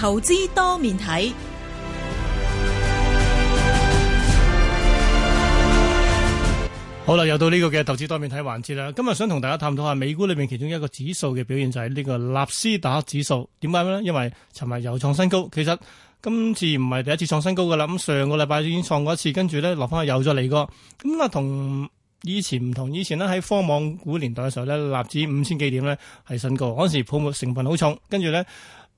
投資多面睇，好啦，又到呢個嘅投資多面睇環節啦。今日想同大家探討下美股裏邊其中一個指數嘅表現，就係呢個納斯達克指數。點解呢？因為尋日又創新高。其實今次唔係第一次創新高噶啦。咁上個禮拜已經創過一次，跟住咧落翻去又再嚟過。咁啊，同以前唔同。以前呢喺科網股年代嘅時候咧，納指五千幾點咧係新高。嗰時泡沫成分好重，跟住咧。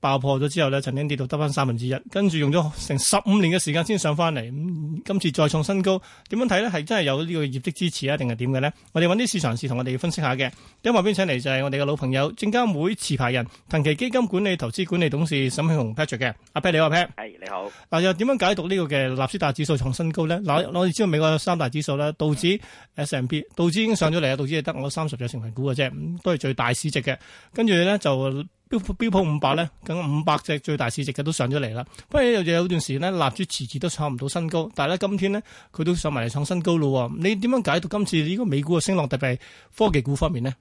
爆破咗之後咧，曾經跌到得翻三分之一，跟住用咗成十五年嘅時間先上翻嚟、嗯。今次再創新高，點樣睇咧？係真係有呢個業績支持啊，定係點嘅咧？我哋揾啲市場士同我哋分析下嘅。第一話邊請嚟就係我哋嘅老朋友，證監會持牌人騰祺基金管理投資管理董事沈慶洪 Patrick 嘅。阿 Patrick 你好，係、hey, 你好。嗱又點樣解讀呢、這個嘅納斯達克指數創新高咧？嗱我哋知道美國有三大指數啦，道指 S&P，道指已經上咗嚟啊，道指係得我三十隻成分股嘅啫，都係最大市值嘅，跟住咧就。標標普五百咧，咁五百隻最大市值嘅都上咗嚟啦。不過又就有段時間咧，納指遲遲都上唔到新高，但係咧今天咧佢都上埋嚟創新高啦。你點樣解讀今次呢個美股嘅升浪，特別係科技股方面咧？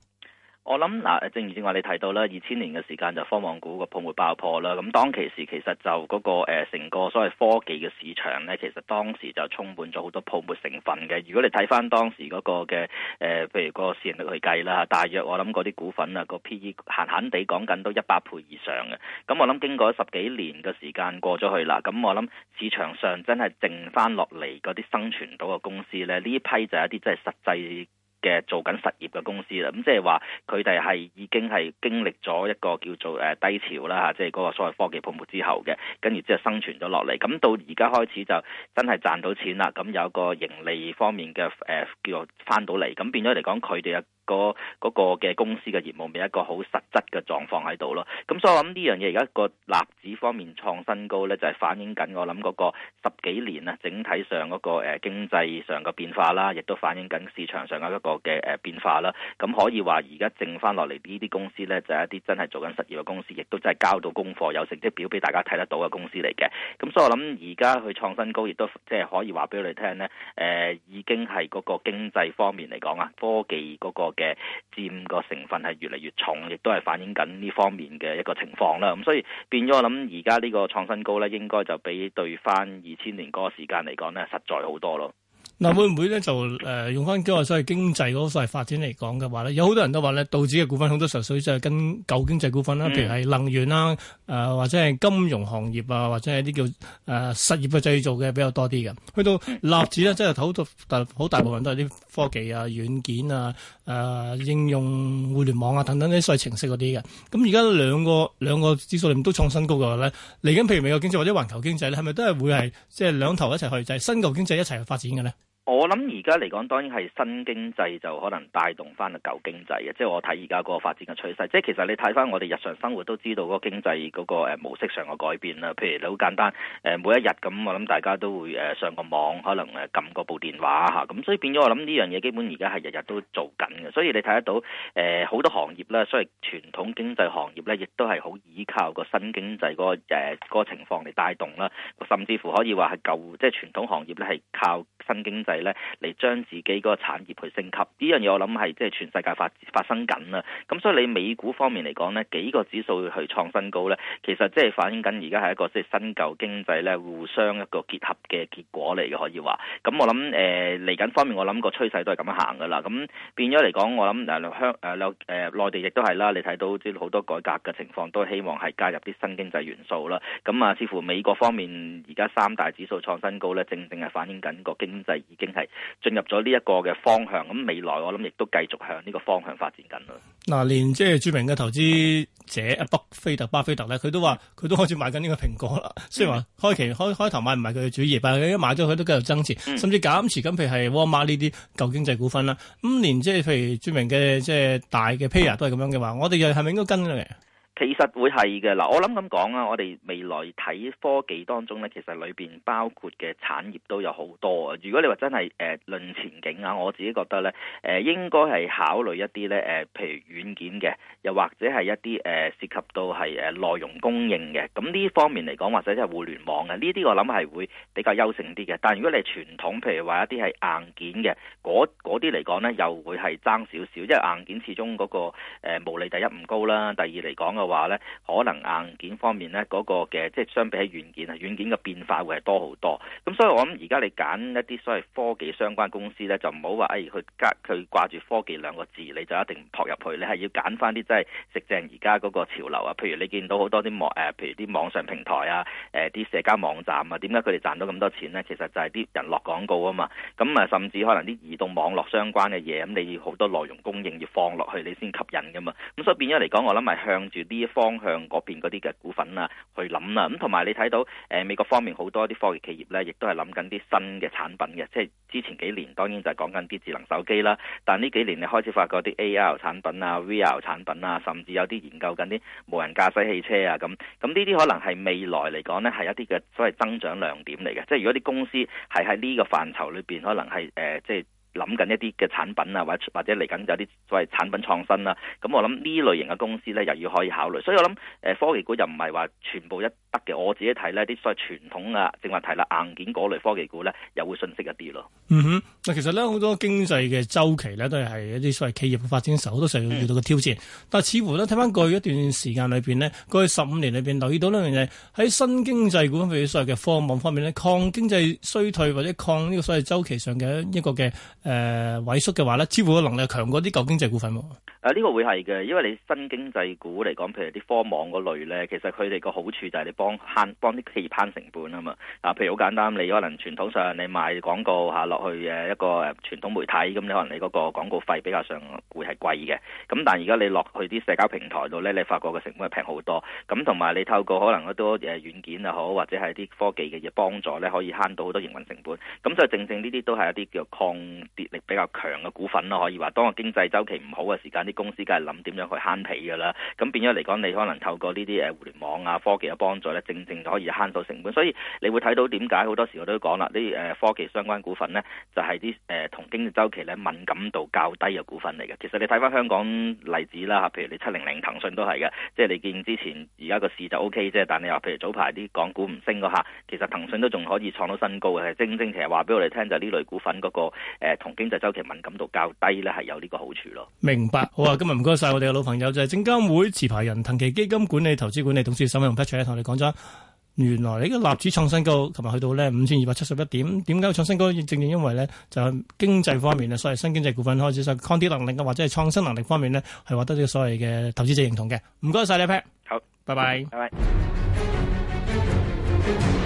我諗嗱，正如正話你提到啦，二千年嘅時間就科網股個泡沫爆破啦。咁當其時其實就嗰、嗰個誒成、呃、個所謂科技嘅市場咧，其實當時就充滿咗好多泡沫成分嘅。如果你睇翻當時嗰個嘅誒，譬、呃、如嗰個市盈率去計啦，大約我諗嗰啲股份啊，個 P E 閒閒哋講緊都一百倍以上嘅。咁我諗經過咗十幾年嘅時間過咗去啦，咁我諗市場上真係剩翻落嚟嗰啲生存到嘅公司咧，呢批就係一啲真係實際。嘅做緊實業嘅公司啦，咁即係話佢哋係已經係經歷咗一個叫做誒低潮啦嚇，即係嗰個所謂科技泡沫之後嘅，跟住之後生存咗落嚟，咁到而家開始就真係賺到錢啦，咁有個盈利方面嘅誒、呃、叫做翻到嚟，咁變咗嚟講佢哋啊。嗰嗰個嘅公司嘅業務咪一個好實質嘅狀況喺度咯，咁所以我諗呢樣嘢而家個納指方面創新高呢，就係、是、反映緊我諗嗰個十幾年啊，整體上嗰、那個誒、呃、經濟上嘅變化啦，亦都反映緊市場上嘅一個嘅誒變化啦。咁可以話而家剩翻落嚟呢啲公司呢，就係、是、一啲真係做緊實業嘅公司，亦都真係交到功課、有成績表俾大家睇得到嘅公司嚟嘅。咁所以我諗而家佢創新高，亦都即係可以話俾你聽呢，誒、呃、已經係嗰個經濟方面嚟講啊，科技嗰個。嘅佔個成分係越嚟越重，亦都係反映緊呢方面嘅一個情況啦。咁所以變咗，我諗而家呢個創新高呢，應該就比對返二千年嗰個時間嚟講呢，實在好多咯。嗱會唔會咧就誒、呃、用翻即係所謂經濟嗰個所謂發展嚟講嘅話咧，有好多人都話咧，道指嘅股份好多時候實際係跟舊經濟股份啦、啊，譬如係能源啦、啊，誒、呃、或者係金融行業啊，或者係啲叫誒、呃、實業嘅製造嘅比較多啲嘅。去到納指咧，真係好多好大部分都係啲科技啊、軟件啊、誒、呃、應用互聯網啊等等啲所謂程式嗰啲嘅。咁而家兩個兩個指數裏面都創新高嘅話咧，嚟緊譬如美國經濟或者環球經濟咧，係咪都係會係即係兩頭一齊去就係、是、新舊經濟一齊去發展嘅咧？我諗而家嚟講，當然係新經濟就可能帶動翻個舊經濟嘅，即係我睇而家個發展嘅趨勢。即係其實你睇翻我哋日常生活都知道個經濟嗰個誒模式上嘅改變啦。譬如你好簡單，誒每一日咁，我諗大家都會誒上個網，可能誒撳個部電話吓，咁所以變咗我諗呢樣嘢基本而家係日日都做緊嘅。所以你睇得到誒好、呃、多行業啦，所謂傳統經濟行業咧亦都係好依靠個新經濟、個誒、個情況嚟帶動啦，甚至乎可以話係舊即係傳統行業咧係靠新經濟。係咧，嚟，將自己嗰個產業去升級，呢樣嘢我諗係即係全世界發發生緊啦。咁所以你美股方面嚟講呢幾個指數去創新高呢，其實即係反映緊而家係一個即係新舊經濟呢互相一個結合嘅結果嚟嘅，可以話。咁我諗誒嚟緊方面，我諗個趨勢都係咁樣行噶啦。咁變咗嚟講，我諗誒香誒內地亦都係啦，你睇到，即好多改革嘅情況，都希望係加入啲新經濟元素啦。咁啊，似乎美國方面而家三大指數創新高呢，正正係反映緊個經濟已經係進入咗呢一個嘅方向，咁未來我諗亦都繼續向呢個方向發展緊咯。嗱，連即係著名嘅投資者阿北菲特，巴菲特咧，佢都話佢都開始買緊呢個蘋果啦。嗯、雖然話開期開開頭買唔係佢嘅主意，但係佢一買咗佢都繼續增持，嗯、甚至減持緊。咁譬如係沃爾瑪呢啲舊經濟股份啦。咁連即係譬如著名嘅即係大嘅 player 都係咁樣嘅話，我哋又係咪應該跟咧？其實會係嘅。嗱，我諗咁講啊，我哋未來睇科技當中呢，其實裏邊包括嘅產業都有好多啊。如果你話真係誒論前景啊，我自己覺得呢，誒、呃、應該係考慮一啲呢，誒、呃，譬如軟件嘅，又或者係一啲誒、呃、涉及到係誒內容供應嘅。咁呢方面嚟講，或者即係互聯網嘅呢啲，我諗係會比較優勝啲嘅。但如果你係傳統，譬如話一啲係硬件嘅，嗰啲嚟講呢，又會係爭少少，因為硬件始終嗰、那個誒毛、呃、利第一唔高啦，第二嚟講嘅。話咧，可能硬件方面咧嗰個嘅，即係相比起軟件啊，軟件嘅變化會係多好多。咁所以我諗而家你揀一啲所謂科技相關公司咧，就唔好話誒佢加佢掛住科技兩個字，你就一定撲入去。你係要揀翻啲即係食正而家嗰個潮流啊。譬如你見到好多啲網誒，譬如啲網上平台啊，誒、呃、啲社交網站啊，點解佢哋賺到咁多錢咧？其實就係啲人落廣告啊嘛。咁啊，甚至可能啲移動網絡相關嘅嘢，咁你要好多內容供應要放落去，你先吸引噶嘛。咁所以變咗嚟講，我諗係向住，啲方向嗰邊嗰啲嘅股份啊，去諗啊，咁同埋你睇到誒、呃、美國方面好多啲科技企業咧，亦都係諗緊啲新嘅產品嘅，即係之前幾年當然就係講緊啲智能手機啦，但呢幾年你開始發覺啲 AR 產品啊、VR 產品啊，甚至有啲研究緊啲無人駕駛汽車啊，咁咁呢啲可能係未來嚟講呢，係一啲嘅所謂增長亮點嚟嘅，即係如果啲公司係喺呢個範疇裏邊，可能係誒、呃、即係。諗緊一啲嘅產品啊，或者或者嚟緊有啲所謂產品創新啦，咁我諗呢類型嘅公司咧，又要可以考慮。所以我諗誒，科技股又唔係話全部一。得嘅，我自己睇呢啲所謂傳統啊，正話提啦，硬件嗰類科技股咧，又會遜色一啲咯。嗯哼，嗱，其實咧，好多經濟嘅周期咧，都係係一啲所謂企業嘅發展嘅時候，好多時候要遇到嘅挑戰。嗯、但係似乎咧，睇翻過去一段時間裏邊呢，過去十五年裏邊留意到呢樣嘢，喺新經濟股方面，所謂嘅科網方面咧，抗經濟衰退或者抗呢個所謂周期上嘅一個嘅誒、呃、萎縮嘅話咧，似乎嘅能力強過啲舊經濟股份喎。啊呢、呢個會係嘅，因為你新經濟股嚟講，譬如啲科網嗰類呢，其實佢哋個好處就係你幫慳幫啲企業慳成本啊嘛。啊，譬如好簡單，你可能傳統上你賣廣告嚇落去誒一個誒傳統媒體，咁、嗯、你可能你嗰個廣告費比較上會係貴嘅。咁、嗯、但係而家你落去啲社交平台度呢，你發覺個成本係平好多。咁同埋你透過可能軟好多誒軟件又好或者係啲科技嘅嘢幫助呢，可以慳到好多營運成本。咁、嗯、就正正呢啲都係一啲叫抗跌力比較強嘅股份咯，可以話當個經濟周期唔好嘅時間公司梗係諗點樣去慳皮㗎啦，咁變咗嚟講，你可能透過呢啲誒互聯網啊科技嘅幫助咧，正正就可以慳到成本。所以你會睇到點解好多時我都講啦，啲誒科技相關股份咧就係啲誒同經濟周期咧敏感度較低嘅股份嚟嘅。其實你睇翻香港例子啦嚇，譬如你七零零騰訊都係嘅，即係你見之前而家個市就 O K 啫，但你話譬如早排啲港股唔升嗰下，其實騰訊都仲可以創到新高嘅，係正正其實話俾我哋聽就係呢類股份嗰個同經濟周期敏感度較低咧係有呢個好處咯。明白。好今，謝謝我今日唔該晒我哋嘅老朋友，就係證監會持牌人騰祺基金管理投資管理董事沈慶洪 Patch 同我哋講咗，原來你個納指創新高，琴日去到呢五千二百七十一點，點解會創新高？正正因為呢，就係經濟方面啊，所謂新經濟股份開始，所抗跌能力或者係創新能力方面呢係獲得咗所謂嘅投資者認同嘅。唔該晒你，Patch。好，拜拜。拜拜。拜拜。